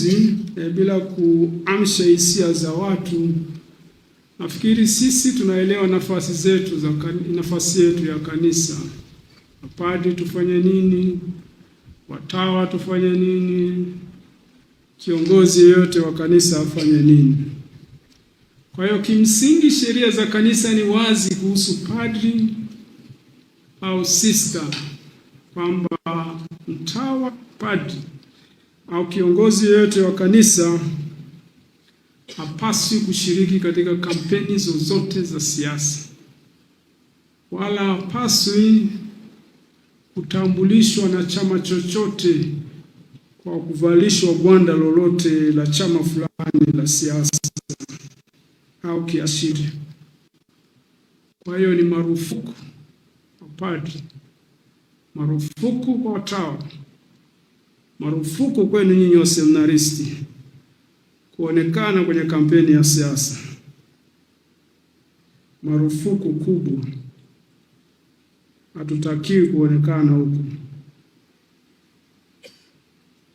E, bila kuamsha hisia za watu. Nafikiri sisi tunaelewa nafasi zetu za nafasi yetu ya kanisa. Mapadri tufanye nini? Watawa tufanye nini? Kiongozi yeyote wa kanisa afanye nini? Kwa hiyo kimsingi sheria za kanisa ni wazi kuhusu padri au sister kwamba mtawa, padri au kiongozi yeyote wa kanisa hapaswi kushiriki katika kampeni zozote za siasa, wala hapaswi kutambulishwa na chama chochote kwa kuvalishwa gwanda lolote la chama fulani la siasa au kiashiria. Kwa hiyo ni marufuku padri, marufuku kwa watawa Marufuku kwenu nyinyi waseminaristi kuonekana kwenye kampeni ya siasa, marufuku kubwa. Hatutakiwi kuonekana huku,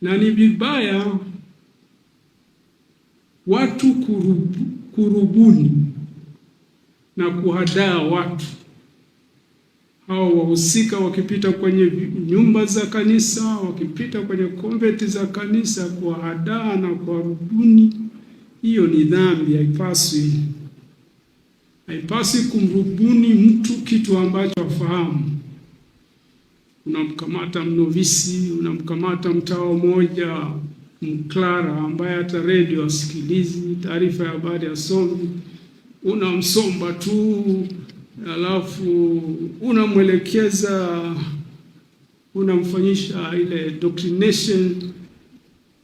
na ni vibaya watu kurubu, kurubuni na kuhadaa watu hao wahusika wakipita kwenye nyumba za kanisa, wakipita kwenye konventi za kanisa kwa hadaa na kwa rubuni. Hiyo ni dhambi, haipaswi haipaswi kumrubuni mtu kitu ambacho afahamu. Unamkamata mnovisi, unamkamata mtawa mmoja mklara ambaye hata redio asikilizi, taarifa ya habari asomi, unamsomba tu alafu unamwelekeza unamfanyisha ile doctrination.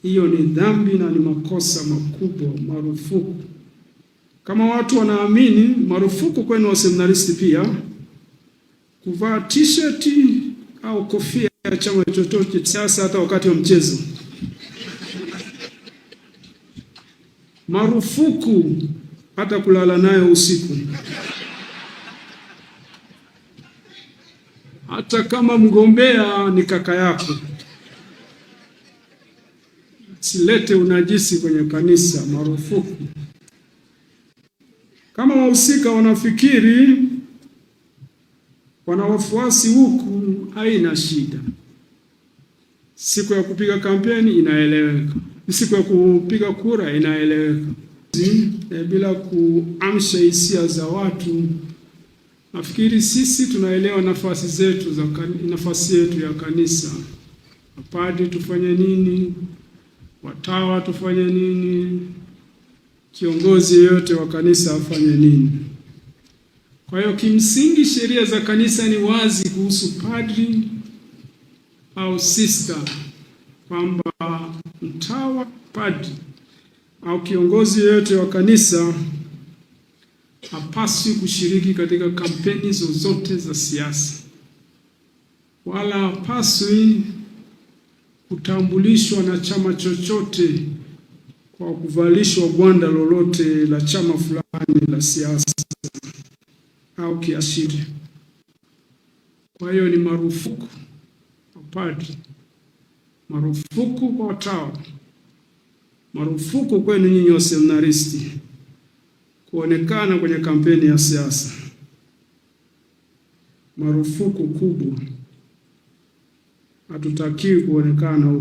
Hiyo ni dhambi na ni makosa makubwa, marufuku. Kama watu wanaamini, marufuku kwenu waseminaristi pia kuvaa t-shirt au kofia ya chama chochote sasa hata wakati wa mchezo. Marufuku hata kulala nayo usiku. hata kama mgombea ni kaka yako. Silete unajisi kwenye kanisa, marufuku. Kama wahusika wanafikiri wana wafuasi huku, haina shida. Siku ya kupiga kampeni inaeleweka, siku ya kupiga kura inaeleweka, bila kuamsha hisia za watu. Nafikiri sisi tunaelewa nafasi zetu za nafasi yetu ya kanisa. Mapadri tufanye nini? Watawa tufanye nini? Kiongozi yeyote wa kanisa afanye nini? Kwa hiyo kimsingi, sheria za kanisa ni wazi kuhusu padri au sista, kwamba mtawa, padri au kiongozi yeyote wa kanisa hapaswi kushiriki katika kampeni zozote za siasa, wala hapaswi kutambulishwa na chama chochote kwa kuvalishwa gwanda lolote la chama fulani la siasa au kiashiria. Kwa hiyo ni marufuku kwa padri, marufuku kwa watawa, marufuku kwenu nyinyi waseminaristi kuonekana kwenye kampeni ya siasa. Marufuku kubwa, hatutakiwi kuonekana.